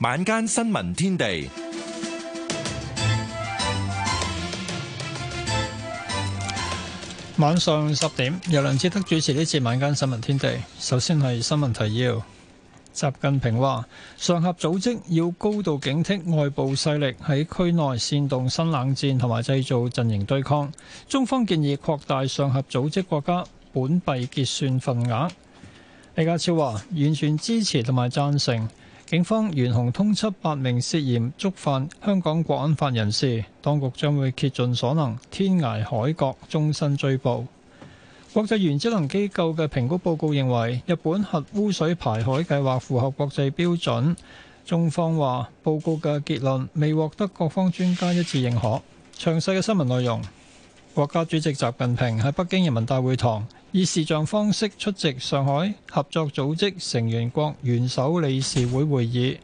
晚間新聞天地，晚上十點由梁智德主持，呢次晚間新聞天地。首先係新聞提要：習近平話，上合組織要高度警惕外部勢力喺區內煽動新冷戰同埋製造陣營對抗。中方建議擴大上合組織國家本幣結算份額。李家超話，完全支持同埋贊成。警方懸紅通緝八名涉嫌觸犯香港國安法人士，當局將會竭盡所能，天涯海角，終身追捕。國際原子能機構嘅評估報告認為，日本核污水排海計劃符合國際標準。中方話，報告嘅結論未獲得各方專家一致認可。詳細嘅新聞內容，國家主席習近平喺北京人民大會堂，以視像方式出席上海合作組織成員國元首理事會會議，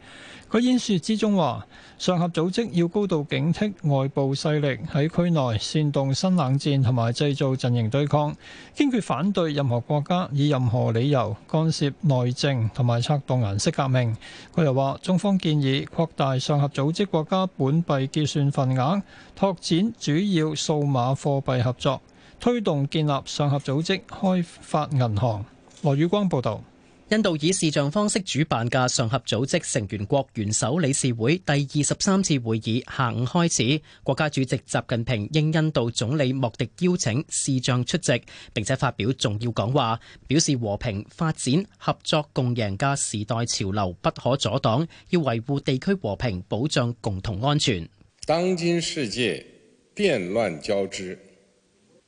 佢演說之中話上合組織要高度警惕外部勢力喺區內煽動新冷戰同埋製造陣營對抗，堅決反對任何國家以任何理由干涉內政同埋策動顏色革命。佢又話中方建議擴大上合組織國家本幣結算份額，拓展主要數碼貨幣合作。推動建立上合組織開發銀行。羅宇光報道：印度以視像方式主辦嘅上合組織成員國元首理事會第二十三次會議下午開始，國家主席習近平應印度總理莫迪邀請視像出席，並且發表重要講話，表示和平、發展、合作共贏嘅時代潮流不可阻擋，要維護地區和平，保障共同安全。當今世界變亂交織。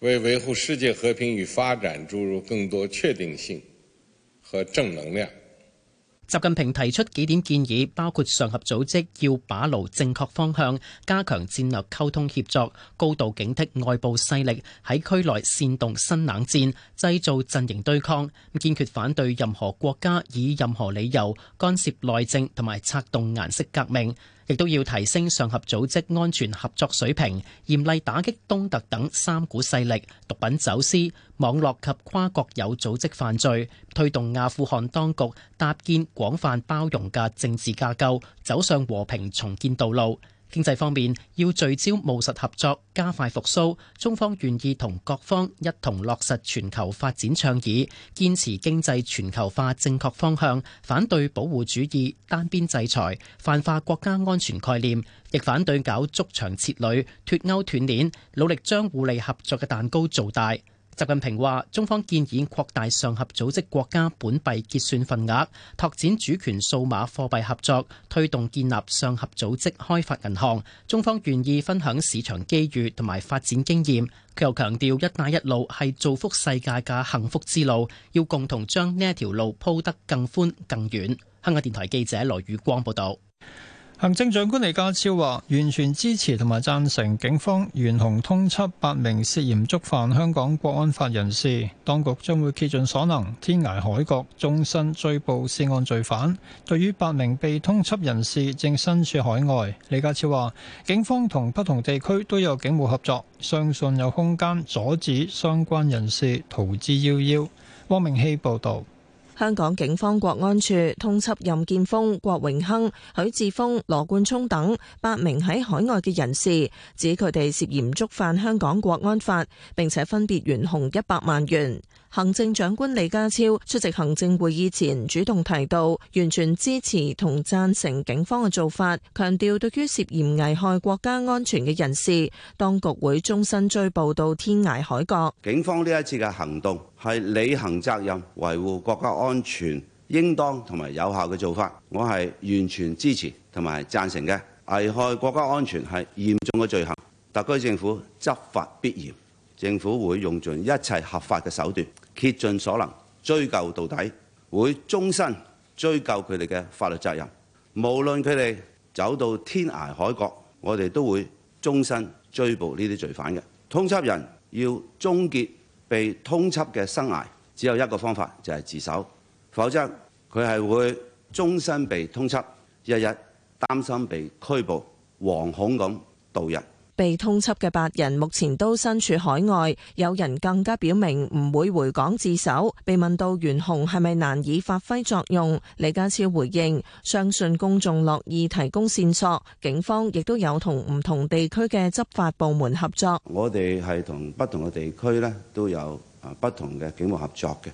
為維護世界和平與發展注入更多確定性和正能量。習近平提出幾點建議，包括上合組織要把牢正確方向，加強戰略溝通協作，高度警惕外部勢力喺區內煽動新冷戰、製造陣營對抗，堅決反對任何國家以任何理由干涉內政同埋策動顏色革命。亦都要提升上合組織安全合作水平，嚴厲打擊東突等三股勢力、毒品走私、網絡及跨國有組織犯罪，推動阿富汗當局搭建廣泛包容嘅政治架構，走上和平重建道路。經濟方面，要聚焦務實合作，加快復蘇。中方願意同各方一同落實全球發展倡議，堅持經濟全球化正確方向，反對保護主義、單邊制裁、泛化國家安全概念，亦反對搞築牆設壘、脫鈎斷鏈，努力將互利合作嘅蛋糕做大。習近平話：中方建議擴大上合組織國家本幣結算份額，拓展主權數碼貨幣合作，推動建立上合組織開發銀行。中方願意分享市場機遇同埋發展經驗。佢又強調，一帶一路係造福世界嘅幸福之路，要共同將呢一條路鋪得更寬更遠。香港電台記者羅宇光報道。行政長官李家超話：完全支持同埋贊成警方懸紅通緝八名涉嫌觸犯香港國安法人士，當局將會竭盡所能，天涯海角，終身追捕涉案罪犯。對於八名被通緝人士正身處海外，李家超話：警方同不同地區都有警務合作，相信有空間阻止相關人士逃之夭夭。汪明希報導。香港警方國安處通緝任建峰、郭榮鏗、許智峰、羅冠聰等八名喺海外嘅人士，指佢哋涉嫌觸犯香港國安法，並且分別懸紅一百萬元。行政長官李家超出席行政會議前主動提到，完全支持同贊成警方嘅做法，強調對於涉嫌危害國家安全嘅人士，當局會終身追捕到天涯海角。警方呢一次嘅行動係履行責任，維護國家安全，應當同埋有效嘅做法，我係完全支持同埋贊成嘅。危害國家安全係嚴重嘅罪行，特區政府執法必嚴。政府會用盡一切合法嘅手段，竭盡所能追究到底，會終身追究佢哋嘅法律責任。無論佢哋走到天涯海角，我哋都會終身追捕呢啲罪犯嘅通緝人。要終結被通緝嘅生涯，只有一個方法就係、是、自首，否則佢係會終身被通緝，日日擔心被拘捕，惶恐咁度日。被通緝嘅八人目前都身處海外，有人更加表明唔會回港自首。被問到懸紅係咪難以發揮作用，李家超回應：相信公眾樂意提供線索，警方亦都有同唔同地區嘅執法部門合作。我哋係同不同嘅地區咧都有啊不同嘅警務合作嘅，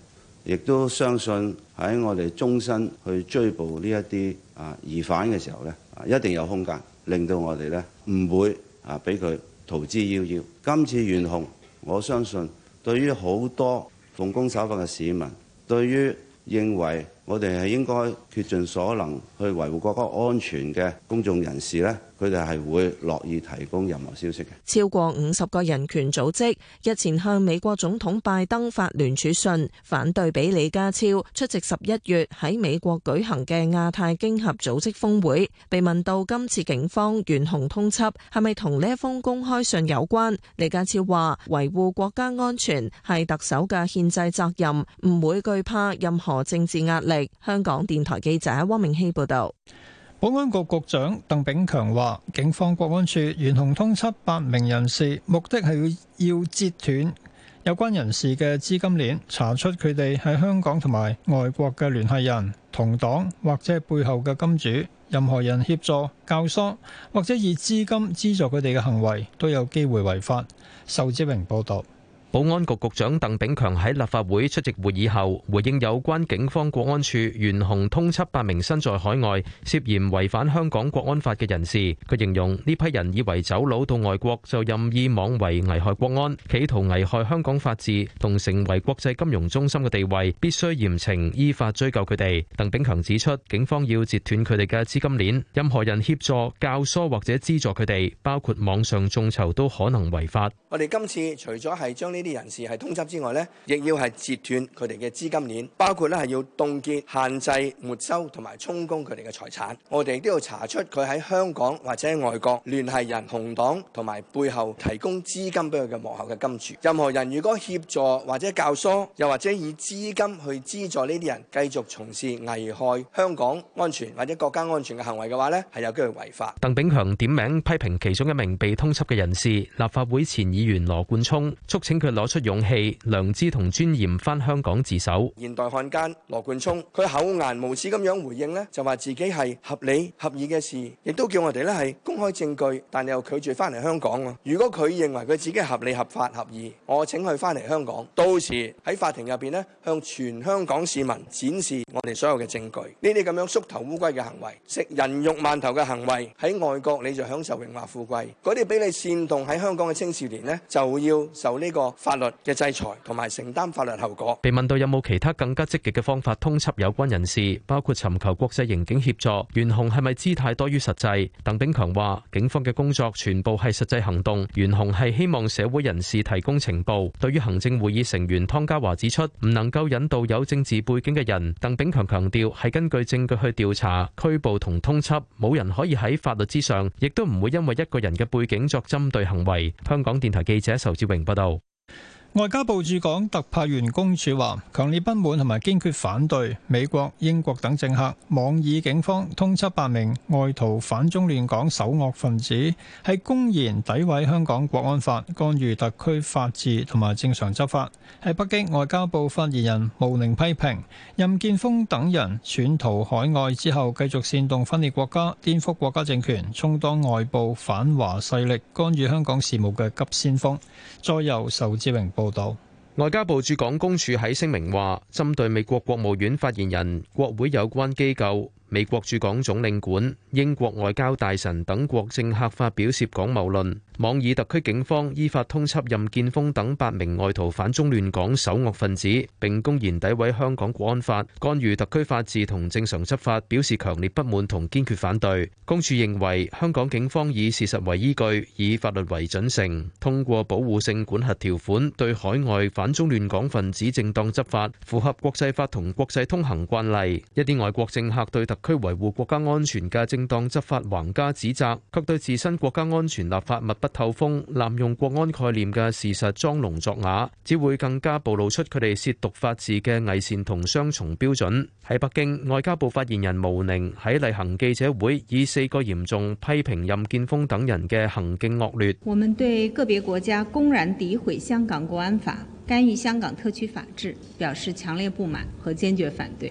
亦都相信喺我哋終身去追捕呢一啲啊疑犯嘅時候咧，一定有空間令到我哋咧唔會。啊！俾佢逃之夭夭。今次元兇，我相信對於好多奉公守法嘅市民，對於認為，我哋係應該竭盡所能去維護國家安全嘅公眾人士咧，佢哋係會樂意提供任何消息嘅。超過五十個人權組織日前向美國總統拜登發聯署信，反對俾李家超出席十一月喺美國舉行嘅亞太經合組織峰會，被問到今次警方懸紅通緝係咪同呢一封公開信有關，李家超話維護國家安全係特首嘅憲制責任，唔會懼怕任何政治壓力。香港電台記者汪明熙報道，保安局局長鄧炳強話，警方國安處懸紅通緝八名人士，目的係要要截斷有關人士嘅資金鏈，查出佢哋喺香港同埋外國嘅聯繫人、同黨或者背後嘅金主。任何人協助、教唆或者以資金資助佢哋嘅行為，都有機會違法。仇志榮報道。保安局局長鄧炳強喺立法會出席會議後，回應有關警方國安處懸紅通緝八名身在海外涉嫌違反香港國安法嘅人士。佢形容呢批人以為走佬到外國就任意妄為危害國安，企圖危害香港法治同成為國際金融中心嘅地位，必須嚴懲依法追究佢哋。鄧炳強指出，警方要截斷佢哋嘅資金鏈，任何人協助教唆、或者資助佢哋，包括網上眾籌，都可能違法。我哋今次除咗係將呢。啲人士係通緝之外呢，亦要係截斷佢哋嘅資金鏈，包括咧係要凍結限制、沒收同埋充公佢哋嘅財產，我哋都要查出佢喺香港或者外國聯繫人、同黨同埋背後提供資金俾佢嘅幕後嘅金主。任何人如果協助或者教唆，又或者以資金去資助呢啲人繼續從事危害香港安全或者國家安全嘅行為嘅話呢，係有機會違法。鄧炳強點名批評其中一名被通緝嘅人士，立法會前議員羅冠聰促請佢攞出勇氣、良知同尊嚴，翻香港自首。現代漢奸羅冠聰，佢厚顏無恥咁樣回應咧，就話自己係合理合義嘅事，亦都叫我哋咧係公開證據，但又拒絕翻嚟香港。如果佢認為佢自己係合理合法合義，我請佢翻嚟香港，到時喺法庭入邊咧，向全香港市民展示我哋所有嘅證據。呢啲咁樣縮頭烏龜嘅行為，食人肉饅頭嘅行為，喺外國你就享受榮華富貴，嗰啲俾你煽動喺香港嘅青少年咧，就要受呢個。法律嘅制裁同埋承擔法律後果。被問到有冇其他更加積極嘅方法通緝有關人士，包括尋求國際刑警協助。懸紅係咪姿態多於實際？鄧炳強話警方嘅工作全部係實際行動，懸紅係希望社會人士提供情報，對於行政會議成員湯家驊指出，唔能夠引渡有政治背景嘅人。鄧炳強強調係根據證據去調查拘捕同通緝，冇人可以喺法律之上，亦都唔會因為一個人嘅背景作針對行為，香港電台記者仇志榮報道。外交部駐港特派員公署話：強烈不滿同埋堅決反對美國、英國等政客妄議警方通緝八名外逃反中亂港首惡分子，係公然詆毀香港國安法、干預特區法治同埋正常執法。喺北京外交部發言人毛寧批評任建峰等人竄逃海外之後，繼續煽動分裂國家、顛覆國家政權，充當外部反華勢力干預香港事務嘅急先鋒。再由仇志榮報。報道外交部駐港公署喺聲明話：針對美國國務院發言人、國會有關機構。美國駐港總領館、英國外交大臣等國政客發表涉港謬論，妄議特區警方依法通緝任建峰等八名外逃反中亂港首惡分子，並公然詆毀香港國安法，干預特區法治同正常執法，表示強烈不滿同堅決反對。公署認為香港警方以事實為依據，以法律為準繩，通過保護性管轄條款對海外反中亂港分子正當執法，符合國際法同國際通行慣例。一啲外國政客對特佢維護國家安全嘅正當執法，橫加指責，卻對自身國家安全立法密不透風、濫用國安概念嘅事實裝聾作啞，只會更加暴露出佢哋褻瀆法治嘅偽善同雙重標準。喺北京，外交部發言人毛寧喺例行記者會以四個嚴重批評任建峰等人嘅行徑惡劣。我們對個別國家公然詆毀香港國安法、干預香港特區法治表示強烈不滿和堅決反對。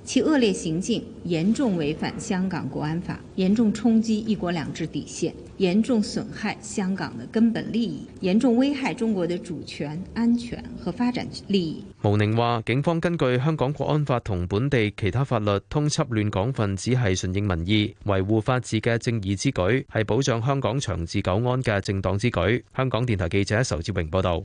其惡劣行徑嚴重違反香港國安法，嚴重衝擊一國兩制底線，嚴重損害香港的根本利益，嚴重危害中國的主權、安全和發展利益。毛寧話：警方根據香港國安法同本地其他法律通緝亂港分子，係順應民意、維護法治嘅正義之舉，係保障香港長治久安嘅正當之舉。香港電台記者仇志榮報道。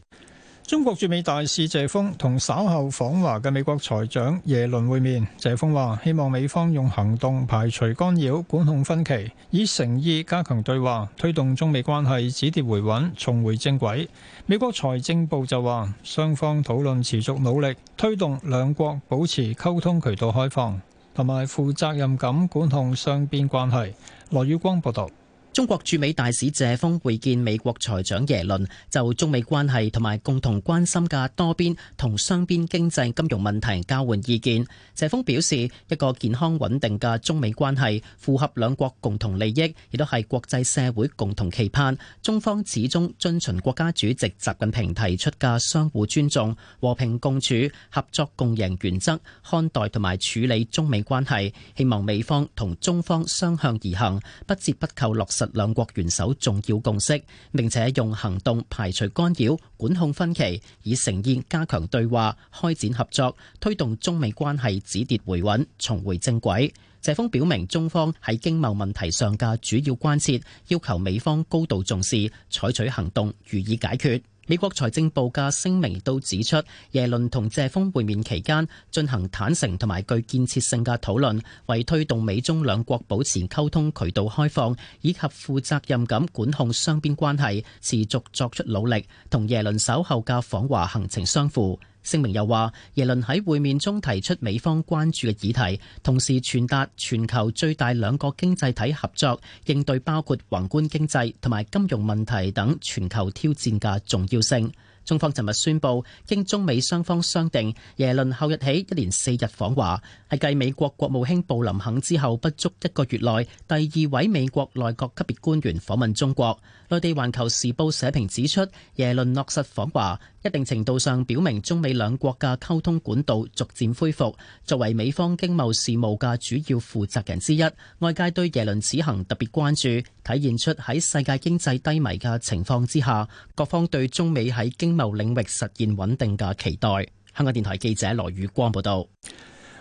中國駐美大使謝鋒同稍後訪華嘅美國財長耶倫會面。謝鋒話：希望美方用行動排除干擾、管控分歧，以誠意加強對話，推動中美關係止跌回穩、重回正軌。美國財政部就話：雙方討論持續努力，推動兩國保持溝通渠道開放，同埋負責任感管控雙邊關係。羅宇光報道。中國駐美大使謝鋒會見美國財長耶倫，就中美關係同埋共同關心嘅多邊同雙邊經濟金融問題交換意見。謝鋒表示，一個健康穩定嘅中美關係符合兩國共同利益，亦都係國際社會共同期盼。中方始終遵循國家主席習近平提出嘅相互尊重、和平共處、合作共贏原則，看待同埋處理中美關係。希望美方同中方雙向而行，不折不扣落實。兩國元首重要共識，並且用行動排除干擾、管控分歧，以誠意加強對話、開展合作，推動中美關係止跌回穩，重回正軌。謝鋒表明，中方喺經貿問題上嘅主要關切，要求美方高度重視，採取行動予以解決。美國財政部嘅聲明都指出，耶倫同謝鋒會面期間進行坦誠同埋具建設性嘅討論，為推動美中兩國保持溝通渠道開放以及負責任咁管控雙邊關係，持續作出努力，同耶倫稍後嘅訪華行程相符。聲明又話，耶倫喺會面中提出美方關注嘅議題，同時傳達全球最大兩個經濟體合作應對包括宏觀經濟同埋金融問題等全球挑戰嘅重要性。中方尋日宣布，經中美雙方商定，耶倫後日起一連四日訪華，係繼美國國務卿布林肯之後不足一個月內第二位美國內閣級別官員訪問中國。內地《環球時報》社評指出，耶倫落實訪華。一定程度上表明中美兩國嘅溝通管道逐漸恢復。作為美方經貿事務嘅主要負責人之一，外界對耶倫此行特別關注，體現出喺世界經濟低迷嘅情況之下，各方對中美喺經貿領域實現穩定嘅期待。香港電台記者羅宇光報道。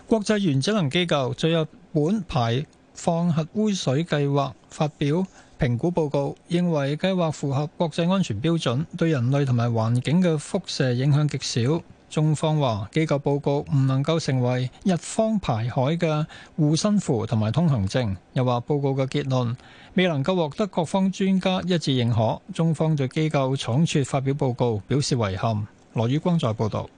國際原子能機構就日本排放核污水計劃發表，評估報告認為計劃符合國際安全標準，對人類同埋環境嘅輻射影響極少。中方話機構報告唔能夠成為日方排海嘅護身符同埋通行證，又話報告嘅結論未能夠獲得各方專家一致認可。中方對機構倉促發表報告表示遺憾。羅宇光在報導。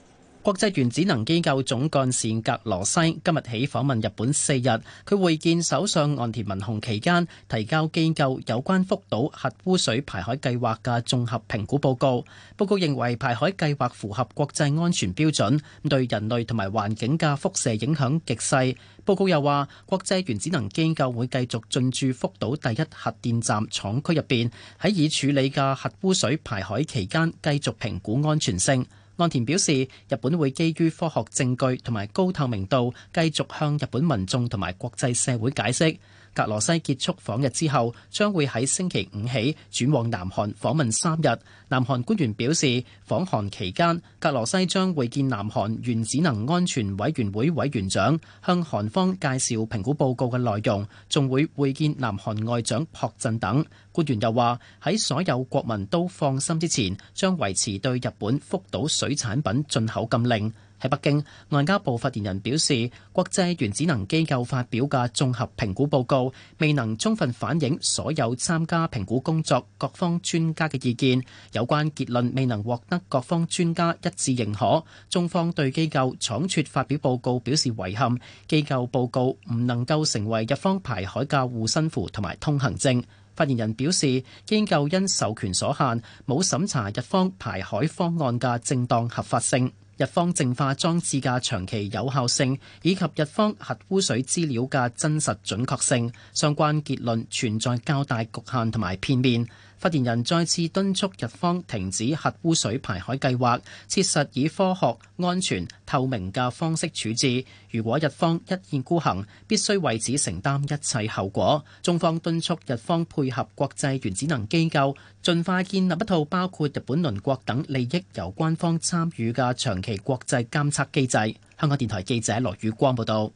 國際原子能機構總幹事格羅西今日起訪問日本四日，佢會見首相岸田文雄期間，提交機構有關福島核污水排海計劃嘅綜合評估報告。報告認為排海計劃符合國際安全標準，對人類同埋環境嘅輻射影響極細。報告又話，國際原子能機構會繼續進駐福島第一核電站廠區入邊，喺已處理嘅核污水排海期間繼續評估安全性。岸田表示，日本會基於科學證據同埋高透明度，繼續向日本民眾同埋國際社會解釋。格羅西結束訪日之後，將會喺星期五起轉往南韓訪問三日。南韓官員表示，訪韓期間，格羅西將會見南韓原子能安全委員會委員長，向韓方介紹評估報告嘅內容，仲會會見南韓外長朴振等。官員又話，喺所有國民都放心之前，將維持對日本福島水產品進口禁令。喺北京，外交部發言人表示，國際原子能機構發表嘅綜合評估報告未能充分反映所有參加評估工作各方專家嘅意見，有關結論未能獲得各方專家一致認可。中方對機構倉促發表報告表示遺憾，機構報告唔能夠成為日方排海嘅護身符同埋通行證。發言人表示，機構因授權所限，冇審查日方排海方案嘅正當合法性。日方淨化裝置嘅長期有效性，以及日方核污水資料嘅真實準確性，相關結論存在較大局限同埋片面。發言人再次敦促日方停止核污水排海計劃，切實以科學、安全、透明嘅方式處置。如果日方一意孤行，必須為此承擔一切後果。中方敦促日方配合國際原子能機構，盡快建立一套包括日本鄰國等利益攸關方參與嘅長期國際監測機制。香港電台記者羅宇光報道。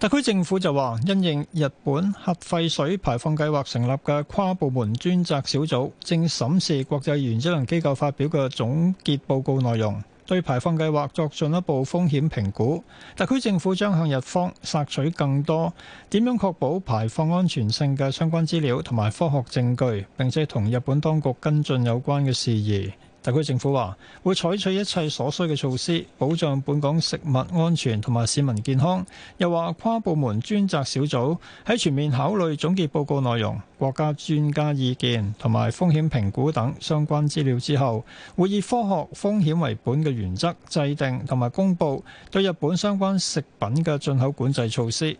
特區政府就話，因應日本核廢水排放計劃成立嘅跨部門專責小組，正審視國際原子能機構發表嘅總結報告內容，對排放計劃作進一步風險評估。特區政府將向日方索取更多點樣確保排放安全性嘅相關資料同埋科學證據，並且同日本當局跟進有關嘅事宜。特區政府話會採取一切所需嘅措施，保障本港食物安全同埋市民健康，又話跨部門專責小組喺全面考慮總結報告內容、國家專家意見同埋風險評估等相關資料之後，會以科學風險為本嘅原則制定同埋公佈對日本相關食品嘅進口管制措施。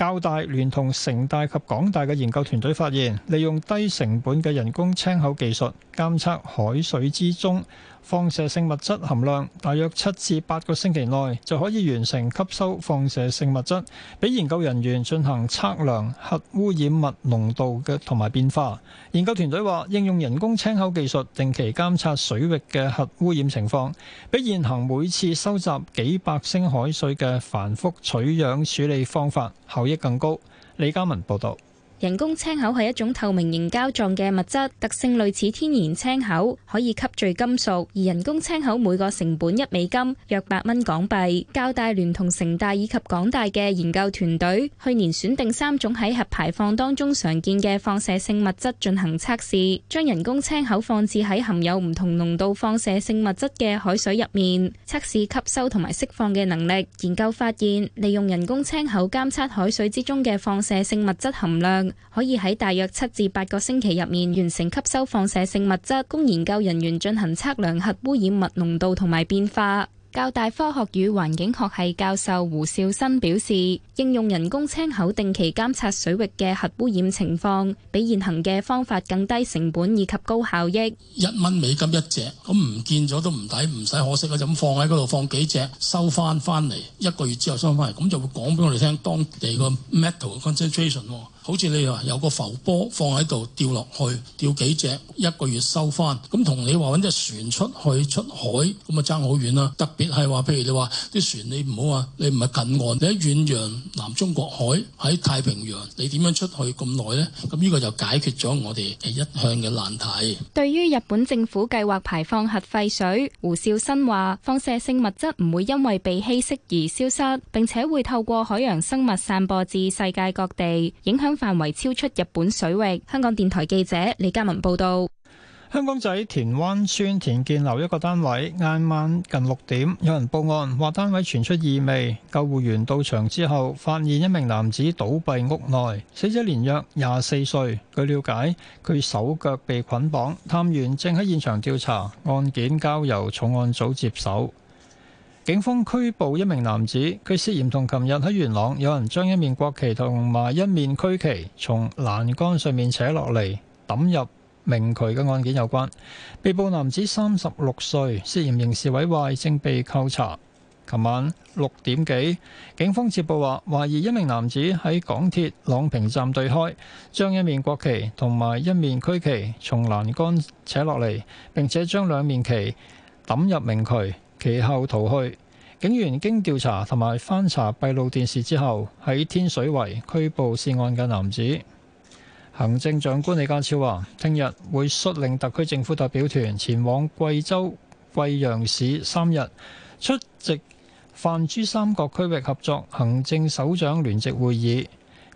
交大聯同城大及港大嘅研究團隊發現，利用低成本嘅人工青口技術，監測海水之中放射性物質含量，大約七至八個星期內就可以完成吸收放射性物質，俾研究人員進行測量核污染物濃度嘅同埋變化。研究團隊話，應用人工青口技術定期監測水域嘅核污染情況，比現行每次收集幾百升海水嘅繁複取樣處理方法效益更高。李嘉文報導。人工青口係一種透明凝膠狀嘅物質，特性類似天然青口，可以吸聚金屬。而人工青口每個成本一美金，約八蚊港幣。教大聯同城大以及港大嘅研究團隊去年選定三種喺核排放當中常見嘅放射性物質進行測試，將人工青口放置喺含有唔同濃度放射性物質嘅海水入面，測試吸收同埋釋放嘅能力。研究發現，利用人工青口監測海水之中嘅放射性物質含量，可以喺大約七至八個星期入面完成吸收放射性物質，供研究人員進行測量核污染物濃度同埋變化。教大科學與環境學系教授胡少新表示，應用人工青口定期監察水域嘅核污染情況，比現行嘅方法更低成本以及高效益。一蚊美金一隻咁唔見咗都唔抵，唔使可惜啦。咁放喺嗰度放幾隻，收翻翻嚟，一個月之後收翻嚟，咁就會講俾我哋聽當地個 metal concentration。好似你話有個浮波放喺度，掉落去掉幾隻，一個月收翻。咁同你話揾隻船出去出海，咁啊爭好遠啦。特別係話，譬如你話啲船，你唔好話你唔係近岸，你喺遠洋、南中國海、喺太平洋，你點樣出去咁耐呢？咁呢個就解決咗我哋嘅一向嘅難題。對於日本政府計劃排放核廢水，胡紹燊話：放射性物質唔會因為被稀釋而消失，並且會透過海洋生物散播至世界各地，影響，範圍超出日本水域。香港電台記者李嘉文報道：香港仔田灣村田建樓一個單位，晏晚近六點有人報案，話單位傳出異味。救護員到場之後，發現一名男子倒斃屋內，死者年約廿四歲。據了解，佢手腳被捆綁，探員正喺現場調查，案件交由重案組接手。警方拘捕一名男子，佢涉嫌同琴日喺元朗有人將一面國旗同埋一面區旗從欄杆上面扯落嚟，抌入明渠嘅案件有關，被捕男子三十六歲，涉嫌刑事毀壞，正被扣查。琴晚六點幾警方接報話懷疑一名男子喺港鐵朗屏站對開將一面國旗同埋一面區旗從欄杆扯落嚟，並且將兩面旗抌入明渠。其後逃去，警員經調查同埋翻查閉路電視之後，喺天水圍拘捕涉案嘅男子。行政長官李家超話，聽日會率領特區政府代表團前往貴州貴陽市三日，出席泛珠三角區域合作行政首長聯席會議，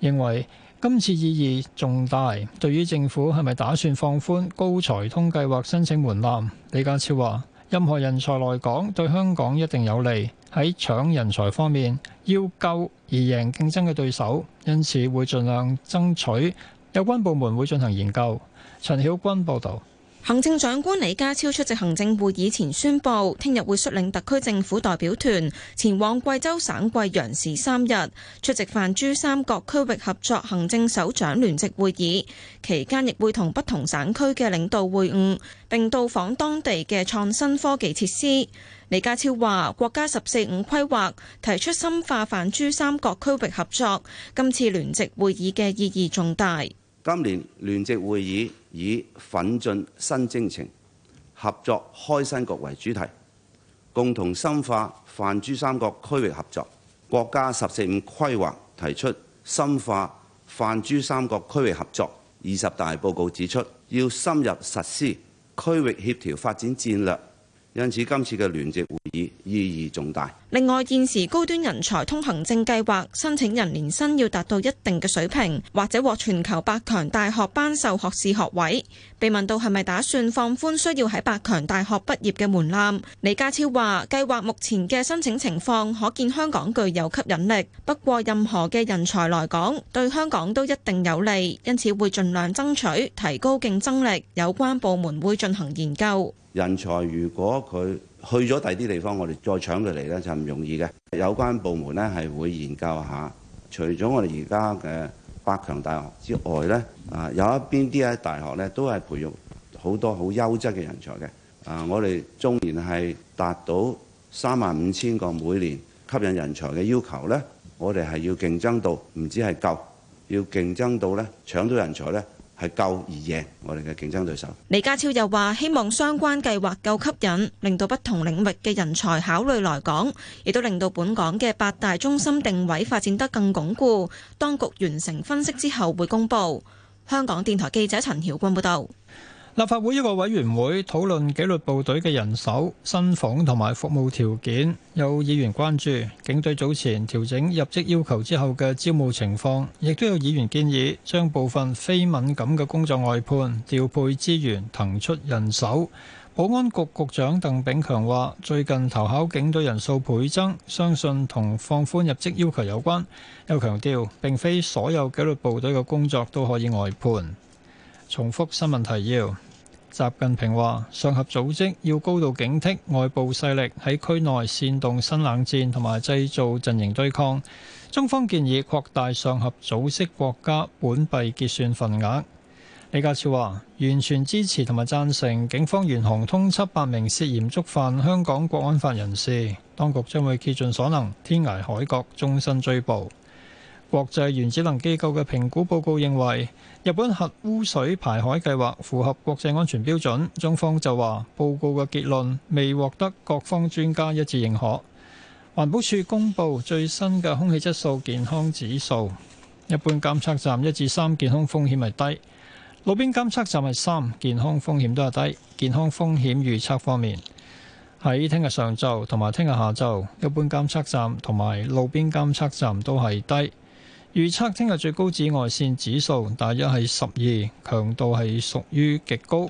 認為今次意義重大。對於政府係咪打算放寬高才通計劃申請門檻？李家超話。任何人才來講，對香港一定有利。喺搶人才方面，要救而贏競爭嘅對手，因此會盡量爭取。有關部門會進行研究。陳曉君報道。.行政長官李家超出席行政會議前宣布，聽日會率領特區政府代表團前往貴州省貴陽市三日，出席泛珠三角區域合作行政首長聯席會議，期間亦會同不同省區嘅領導會晤，並到訪當地嘅創新科技設施。李家超話：國家十四五規劃提出深化泛珠三角區域合作，今次聯席會議嘅意義重大。今年聯席會議以奮進新征程、合作開新局為主題，共同深化泛珠三角區域合作。國家十四五規劃提出深化泛珠三角區域合作。二十大報告指出，要深入實施區域協調發展戰略。因此，今次嘅聯席會議意義重大。另外，現時高端人才通行證計劃申請人年薪要達到一定嘅水平，或者獲全球百強大學頒授學士學位。被問到係咪打算放寬需要喺百強大學畢業嘅門檻，李家超話計劃目前嘅申請情況可見香港具有吸引力。不過任何嘅人才來講對香港都一定有利，因此會盡量爭取提高競爭力。有關部門會進行研究。人才如果佢去咗第啲地方，我哋再搶佢嚟咧就唔容易嘅。有關部門咧係會研究下，除咗我哋而家嘅百強大學之外咧，啊有一邊啲大學咧都係培育好多好優質嘅人才嘅。啊，我哋縱然係達到三萬五千個每年吸引人才嘅要求咧，我哋係要競爭到唔止係夠，要競爭到咧，搶到人才咧。夠而贏，我哋嘅競爭對手。李家超又話希望相關計劃夠吸引，令到不同領域嘅人才考慮來港，亦都令到本港嘅八大中心定位發展得更鞏固。當局完成分析之後會公布。香港電台記者陳曉君報道。立法會一個委員會討論紀律部隊嘅人手、薪俸同埋服務條件，有議員關注警隊早前調整入職要求之後嘅招募情況，亦都有議員建議將部分非敏感嘅工作外判，調配資源騰出人手。保安局局長鄧炳強話：最近投考警隊人數倍增，相信同放寬入職要求有關。又強調，並非所有紀律部隊嘅工作都可以外判。重複新聞提要。習近平話：上合組織要高度警惕外部勢力喺區內煽動新冷戰同埋製造陣營對抗。中方建議擴大上合組織國家本幣結算份額。李家超話：完全支持同埋贊成警方懸紅通緝八名涉嫌觸犯香港國安法人士，當局將會竭盡所能，天涯海角終身追捕。國際原子能機構嘅評估報告認為，日本核污水排海計劃符合國際安全標準。中方就話，報告嘅結論未獲得各方專家一致認可。環保署公布最新嘅空氣質素健康指數，一般監測站一至三健康風險係低，路邊監測站係三健康風險都係低。健康風險預測方面，喺聽日上晝同埋聽日下晝，一般監測站同埋路邊監測站都係低。預測聽日最高紫外線指數大約係十二，強度係屬於極高。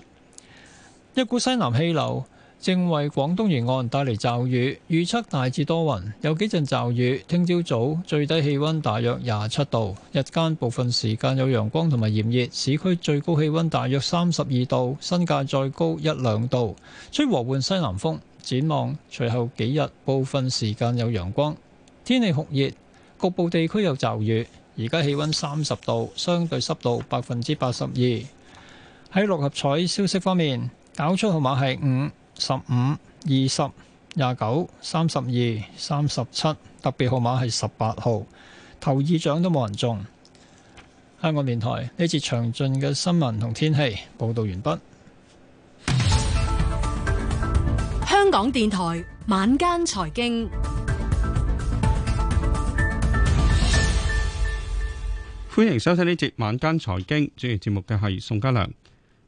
一股西南氣流正為廣東沿岸帶嚟驟雨，預測大致多雲，有幾陣驟雨。聽朝早最低氣温大約廿七度，日間部分時間有陽光同埋炎熱，市區最高氣温大約三十二度，新界再高一兩度，吹和緩西南風。展望隨後幾日部分時間有陽光，天氣酷熱。局部地區有驟雨，而家氣溫三十度，相對濕度百分之八十二。喺六合彩消息方面，搞出號碼係五、十五、二十、廿九、三十二、三十七，特別號碼係十八號，頭二獎都冇人中。香港電台呢次詳盡嘅新聞同天氣報道完畢。香港電台晚間財經。歡迎收睇呢節晚間財經。主持節目嘅係宋家良。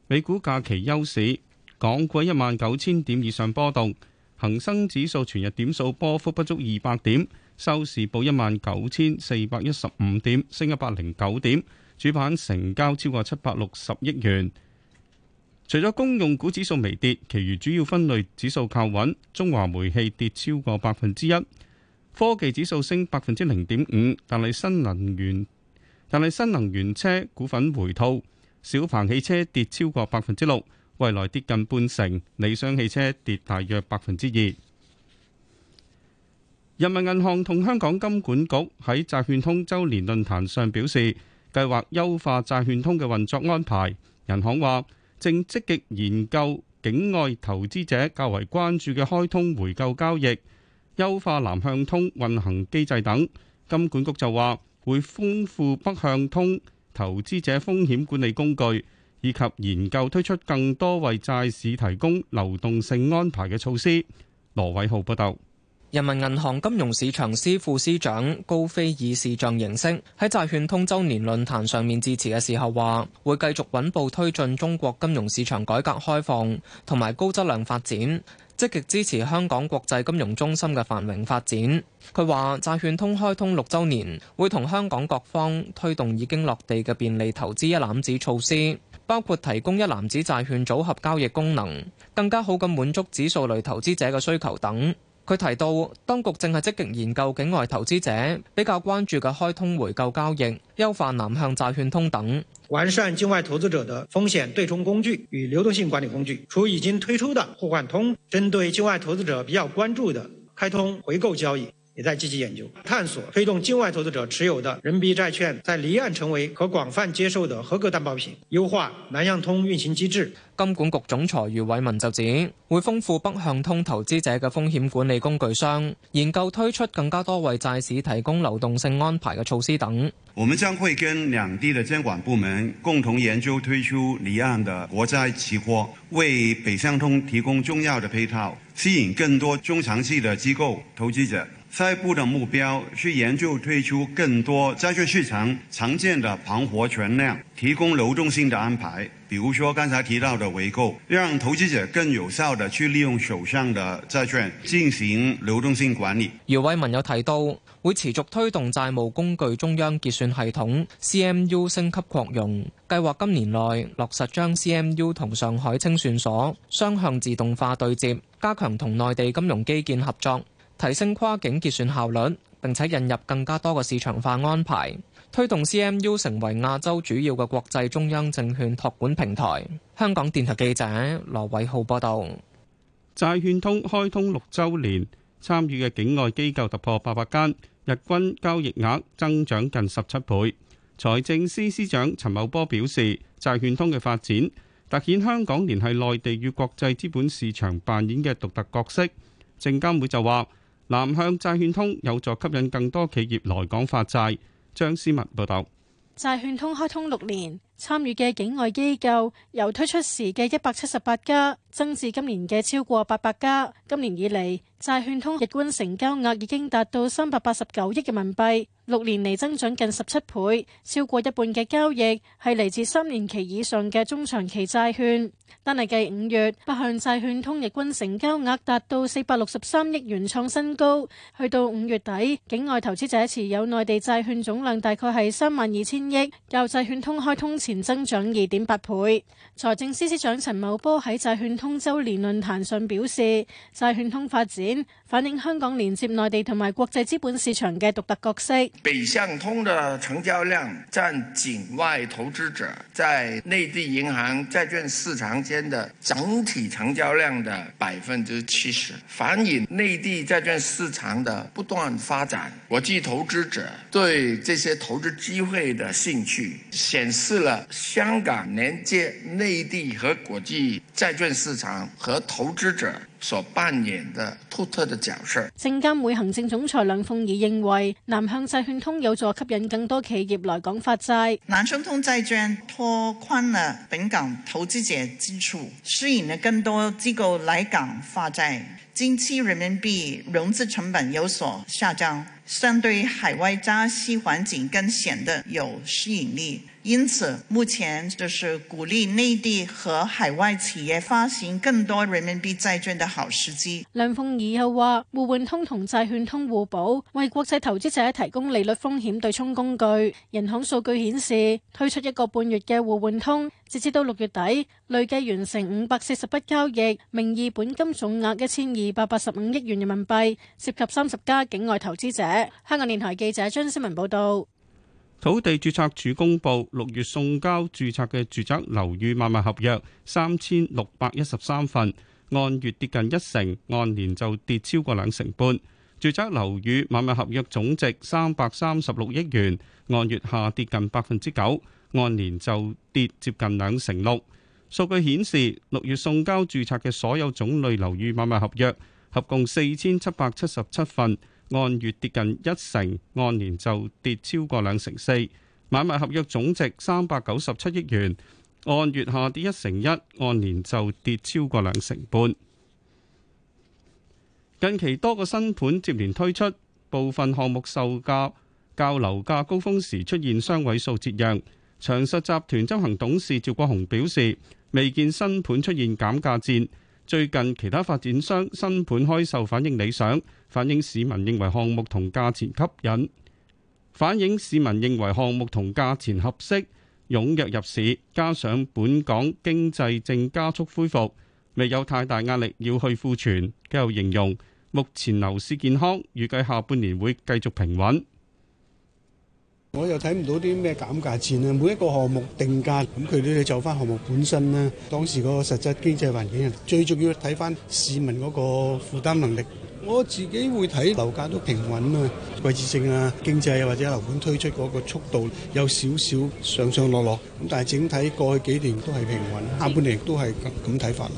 美股假期休市，港股一萬九千點以上波動，恒生指數全日點數波幅不足二百點，收市報一萬九千四百一十五點，升一百零九點，主板成交超過七百六十億元。除咗公用股指數微跌，其餘主要分類指數靠穩。中華煤氣跌超過百分之一，科技指數升百分之零點五，但係新能源。但係新能源車股份回吐，小鵬汽車跌超過百分之六，蔚來跌近半成；理想汽車跌大約百分之二。人民銀行同香港金管局喺債券通周年論壇上表示，計劃優化債券通嘅運作安排。人行話正積極研究境外投資者較為關注嘅開通回購交易、優化南向通運行機制等。金管局就話。會豐富北向通投資者風險管理工具，以及研究推出更多為債市提供流動性安排嘅措施。羅偉浩報道，人民銀行金融市場司副司長高飛以視像形式喺債券通周年論壇上面致辭嘅時候話，會繼續穩步推進中國金融市場改革開放同埋高質量發展。積極支持香港國際金融中心嘅繁榮發展。佢話債券通開通六週年，會同香港各方推動已經落地嘅便利投資一攬子措施，包括提供一攬子債券組合交易功能，更加好噉滿足指數類投資者嘅需求等。佢提到，當局正係積極研究境外投資者比較關注嘅開通回購交易、優化南向債券通等，完善境外投資者嘅風險對沖工具與流動性管理工具。除已經推出嘅互換通，針對境外投資者比較關注嘅開通回購交易。也在積極研究探索，推動境外投資者持有的人民幣債券在離岸成為可廣泛接受的合格擔保品，優化南向通運行機制。金管局總裁余偉文就指，會豐富北向通投資者嘅風險管理工具箱，研究推出更加多為債市提供流動性安排嘅措施等。我們將會跟兩地嘅監管部門共同研究推出離岸的國債期貨，為北向通提供重要的配套，吸引更多中長期嘅機構投資者。下一步的目標是研究推出更多債券市場常見的盤活存量、提供流動性的安排，比如說剛才提到的回購，讓投資者更有效的去利用手上的債券進行流動性管理。姚偉文有提到會持續推動債務工具中央結算系統 CMU 升級擴容，計劃今年內落實將 CMU 同上海清算所雙向自動化對接，加強同內地金融基建合作。提升跨境結算效率，並且引入更加多嘅市場化安排，推動 CMU 成為亞洲主要嘅國際中央證券託管平台。香港電台記者羅偉浩報道。債券通開通六周年，參與嘅境外機構突破八百間，日均交易額增長近十七倍。財政司司長陳茂波表示，債券通嘅發展凸顯香港聯繫內地與國際資本市場扮演嘅獨特角色。證監會就話。南向債券通有助吸引更多企業來港發債。張思密報道，債券通開通六年。參與嘅境外機構由推出時嘅一百七十八家增至今年嘅超過八百家。今年以嚟，債券通日均成交額已經達到三百八十九億人民幣，六年嚟增長近十七倍，超過一半嘅交易係嚟自三年期以上嘅中長期債券。單係計五月，北向債券通日均成交額達到四百六十三億元，創新高。去到五月底，境外投資者持有內地債券總量大概係三萬二千億，由債券通開通。前增長二點八倍。財政司司長陳茂波喺債券通周年論壇上表示，債券通發展反映香港連接內地同埋國際資本市場嘅獨特角色。北向通的成交量佔境外投資者在內地銀行債券市場間的整體成交量的百分之七十，反映內地債券市場的不斷發展，國際投資者對這些投資機會的興趣，顯示了。香港連接內地和國際債券市場和投資者所扮演的獨特特的角色。證監會行政總裁梁鳳儀認為，南向債券通有助吸引更多企業來港發債。南向通債券拓寬了本港投資者基礎，吸引了更多機構來港發債。近期人民幣融資成本有所下降，相對海外加息環境更顯得有吸引力。因此，目前就是鼓勵內地和海外企業發行更多人民幣債券的好時機。梁鳳儀又話互換通同債券通互補，為國際投資者提供利率風險對沖工具。銀行數據顯示，推出一個半月嘅互換通，截至到六月底，累計完成五百四十筆交易，名義本金總額一千二百八十五億元人民幣，涉及三十家境外投資者。香港電台記者張思文報道。土地註冊處公佈六月送交註冊嘅住宅樓宇買賣合約三千六百一十三份，按月跌近一成，按年就跌超過兩成半。住宅樓宇買賣合約總值三百三十六億元，按月下跌近百分之九，按年就跌接近兩成六。數據顯示，六月送交註冊嘅所有種類樓宇買賣合約合共四千七百七十七份。按月跌近一成，按年就跌超過兩成四。買賣合約總值三百九十七億元，按月下跌一成一，按年就跌超過兩成半。近期多個新盤接連推出，部分項目售價較樓價高峰時出現雙位數折讓，長實集團執行董事趙國雄表示，未見新盤出現減價戰。最近其他發展商新盤開售反應理想，反映市民認為項目同價錢吸引，反映市民認為項目同價錢合適，踴躍入市。加上本港經濟正加速恢復，未有太大壓力要去庫存。佢又形容目前樓市健康，預計下半年會繼續平穩。我又睇唔到啲咩減價戰啦，每一個項目定價，咁佢都要就翻項目本身啦，當時嗰個實質經濟環境，最重要睇翻市民嗰個負擔能力。我自己會睇樓價都平穩啊，季節性啊，經濟啊或者樓盤推出嗰個速度有少少上上落落，咁但係整體過去幾年都係平穩，下半年亦都係咁睇法。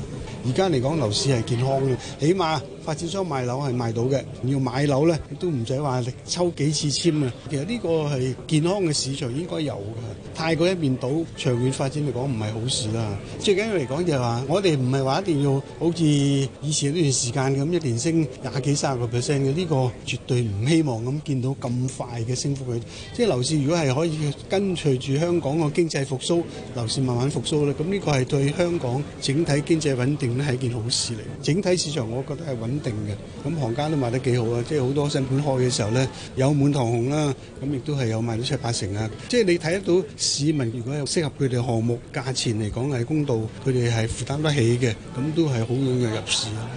而家嚟講，樓市係健康嘅，起碼發展商賣樓係賣到嘅。要買樓咧，都唔使話力抽幾次籤啊。其實呢個係健康嘅市場應該有嘅。太過一面倒，長遠發展嚟講唔係好事啦。最緊要嚟講就係話，我哋唔係話一定要好似以前呢段時間咁一年升廿幾、三十個 percent 嘅，呢個絕對唔希望咁見到咁快嘅升幅嘅。即係樓市如果係可以跟隨住香港個經濟復甦，樓市慢慢復甦啦，咁呢個係對香港整體經濟穩定。呢係件好事嚟，整體市場我覺得係穩定嘅。咁行家都賣得幾好啊！即係好多新盤開嘅時候呢，有滿堂紅啦。咁亦都係有賣到七八成啊！即係你睇得到市民如果有適合佢哋項目價錢嚟講係公道，佢哋係負擔得起嘅，咁都係好踴躍入市啦。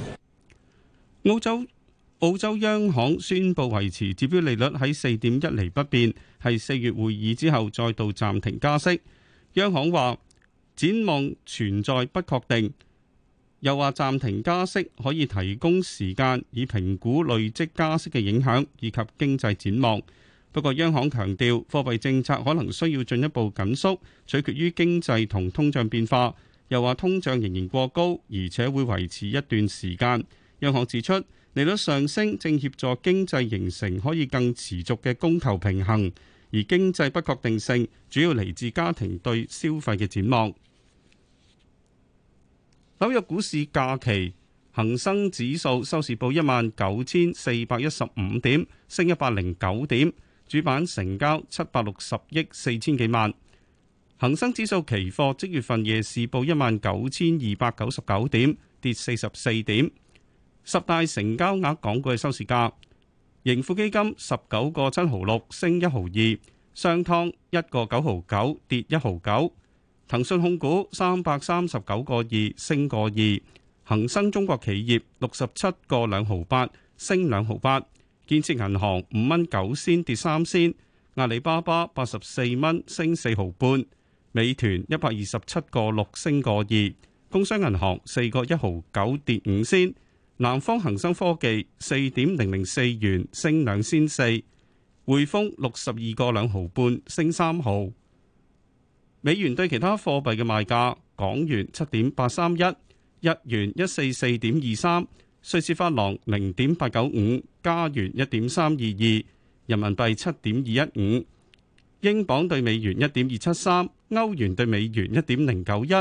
澳洲，澳洲央行宣布維持指標利率喺四點一釐不變，係四月會議之後再度暫停加息。央行話展望存在不確定。又話暫停加息，可以提供時間以評估累積加息嘅影響，以及經濟展望。不過央行強調，貨幣政策可能需要進一步緊縮，取決於經濟同通脹變化。又話通脹仍然過高，而且會維持一段時間。央行指出，利率上升正協助經濟形成可以更持續嘅供求平衡，而經濟不確定性主要嚟自家庭對消費嘅展望。紐約股市假期，恒生指數收市報一萬九千四百一十五點，升一百零九點，主板成交七百六十億四千幾萬。恒生指數期貨即月份夜市報一萬九千二百九十九點，跌四十四點。十大成交額港股嘅收市價，盈富基金十九個七毫六，升一毫二；商湯一個九毫九，跌一毫九。.騰訊控股三百三十九個二升個二，恒生中國企業六十七個兩毫八升兩毫八，建設銀行五蚊九仙跌三仙，阿里巴巴八十四蚊升四毫半，美團一百二十七個六升個二，工商銀行四個一毫九跌五仙，南方恒生科技四點零零四元升兩仙四，匯豐六十二個兩毫半升三毫。美元對其他貨幣嘅賣價，港元七點八三一，日元一四四點二三，瑞士法郎零點八九五，加元一點三二二，人民幣七點二一五，英鎊兌美元一點二七三，歐元兌美元一點零九一，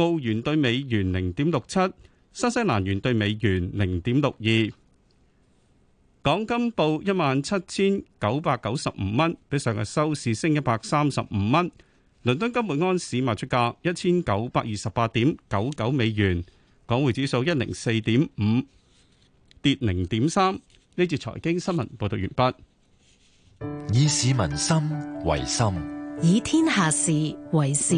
澳元兌美元零點六七，新西蘭元兌美元零點六二。港金報一萬七千九百九十五蚊，比上日收市升一百三十五蚊。倫敦金每安市賣出價一千九百二十八點九九美元，港匯指數一零四點五，跌零點三。呢節財經新聞報道完畢。以市民心為心，以天下事為事。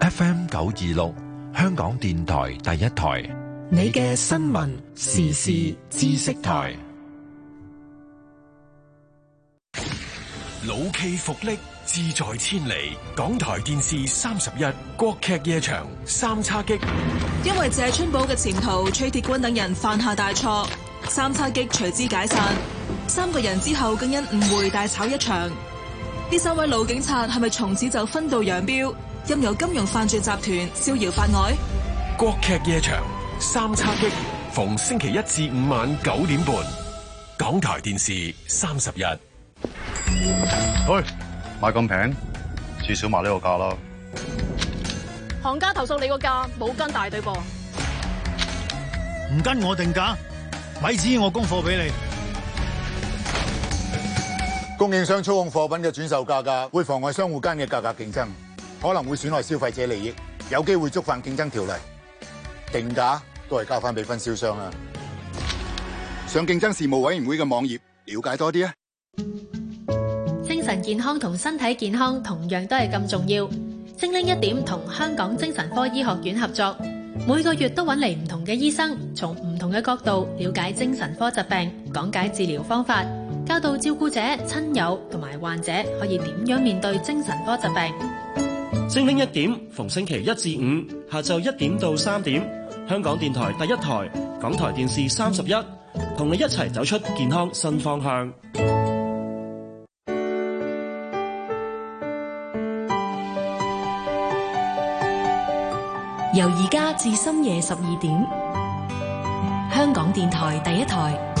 FM 九二六，香港電台第一台。你嘅新聞時事知識台。老 K 福利。志在千里，港台電視三十一國劇夜場三叉戟，因為謝春寶嘅前途，崔鐵軍等人犯下大錯，三叉戟隨之解散。三個人之後更因誤會大吵一場。呢三位老警察係咪從此就分道揚鑣，任由金融犯罪集團逍遙法外？國劇夜場三叉戟逢星期一至五晚九點半，港台電視三十一去。賣咁平，至少賣呢個價囉。行家投訴你個價冇跟大隊噃，唔跟我定價，咪指我供貨俾你。供應商操控貨品嘅轉售價格，會妨礙商戶間嘅價格競爭，可能會損害消費者利益，有機會觸犯競爭條例。定價都係交翻俾分銷商啦。上競爭事務委員會嘅網頁了解多啲啊！健康同身體健康同樣都係咁重要。精靈一點同香港精神科醫學院合作，每個月都揾嚟，唔同嘅醫生，從唔同嘅角度了解精神科疾病，講解治療方法，教導照顧者、親友同埋患者可以點樣面對精神科疾病。精靈一點，逢星期一至五下晝一點到三點，香港電台第一台、港台電視三十一，同你一齊走出健康新方向。由而家至深夜十二點，香港電台第一台。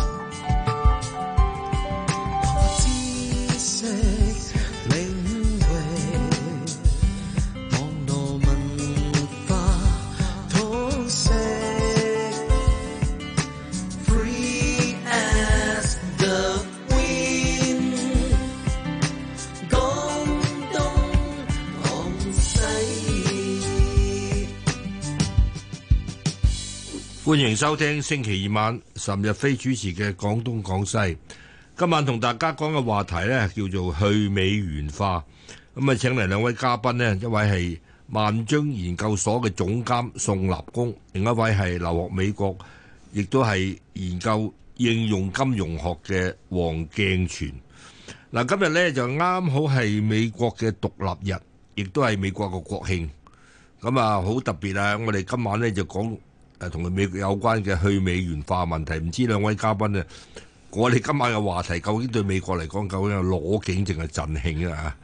歡迎收聽星期二晚岑日飛主持嘅《廣東廣西》。今晚同大家講嘅話題咧，叫做去美元化。咁、嗯、啊，請嚟兩位嘉賓咧，一位係萬張研究所嘅總監宋立功，另一位係留學美國，亦都係研究應用金融學嘅黃鏡全。嗱、嗯，今日呢，就啱好係美國嘅獨立日，亦都係美國嘅國慶。咁、嗯、啊，好特別啊！我哋今晚呢，就講。誒，同佢美國有關嘅去美元化問題，唔知兩位嘉賓啊，我哋今晚嘅話題究竟對美國嚟講，究竟係攞景定係贈慶啊？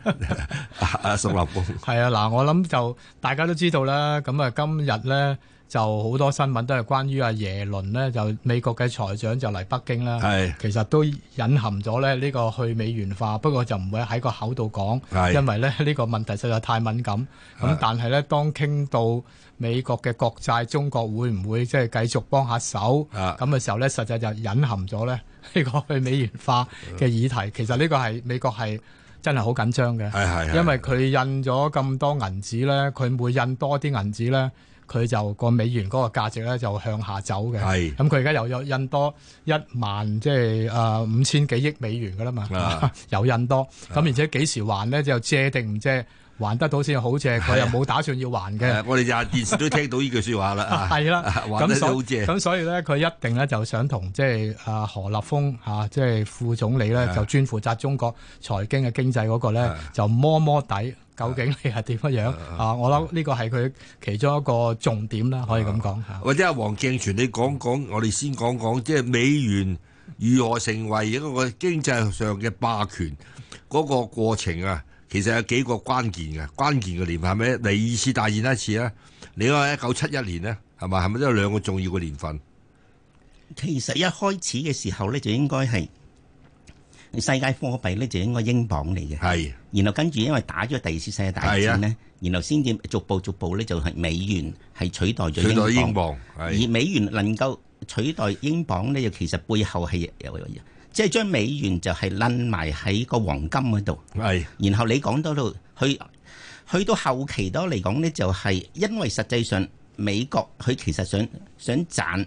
阿阿 宋立峰，係啊，嗱，我諗就大家都知道啦。咁啊，今日咧就好多新聞都係關於阿耶倫呢，就美國嘅財長就嚟北京啦。係的，其實都隱含咗咧呢個去美元化，不過就唔會喺個口度講，的因為咧呢個問題實在太敏感。咁的但係咧，當傾到美國嘅國債，中國會唔會即係繼續幫下手？咁嘅、啊、時候咧，實際就隱含咗咧呢個去美元化嘅議題。啊、其實呢個係美國係真係好緊張嘅，是是是是因為佢印咗咁多銀紙咧，佢每印多啲銀紙咧，佢就個美元嗰個價值咧就向下走嘅。咁佢而家又有印多一萬，即係誒五千幾億美元㗎啦嘛，有、啊、 印多。咁、啊啊、而且幾時還咧？就借定唔借？還得到先好借，佢又冇打算要還嘅。我哋日日電視都聽到呢句說話啦。係啦 的，還得到好借。咁所以咧，佢 一定咧就想同即係阿何立峰啊，即係副總理咧，的就專負責中國財經嘅經濟嗰個咧，的就摸摸底，究竟你係點樣？啊的，我諗呢個係佢其中一個重點啦，可以咁講吓。或者阿黃敬全，你講講，我哋先講講，即係美元如何成為一個經濟上嘅霸權嗰個過程啊？其實有幾個關鍵嘅關鍵嘅年份係咪？第二次大戰一次咧，另外一九七一年呢，係咪？係咪都有兩個重要嘅年份？其實一開始嘅時候咧，就應該係世界貨幣咧就應該英鎊嚟嘅。係是。然後跟住因為打咗第二次世界大戰呢，啊、然後先至逐步逐步咧就係美元係取代咗英鎊。取代英鎊。而美元能夠取代英鎊呢，就其實背後係有。即係將美元就係擸埋喺個黃金嗰度，的然後你講到度，去去到後期多嚟講咧，就係、是、因為實際上美國佢其實想想賺。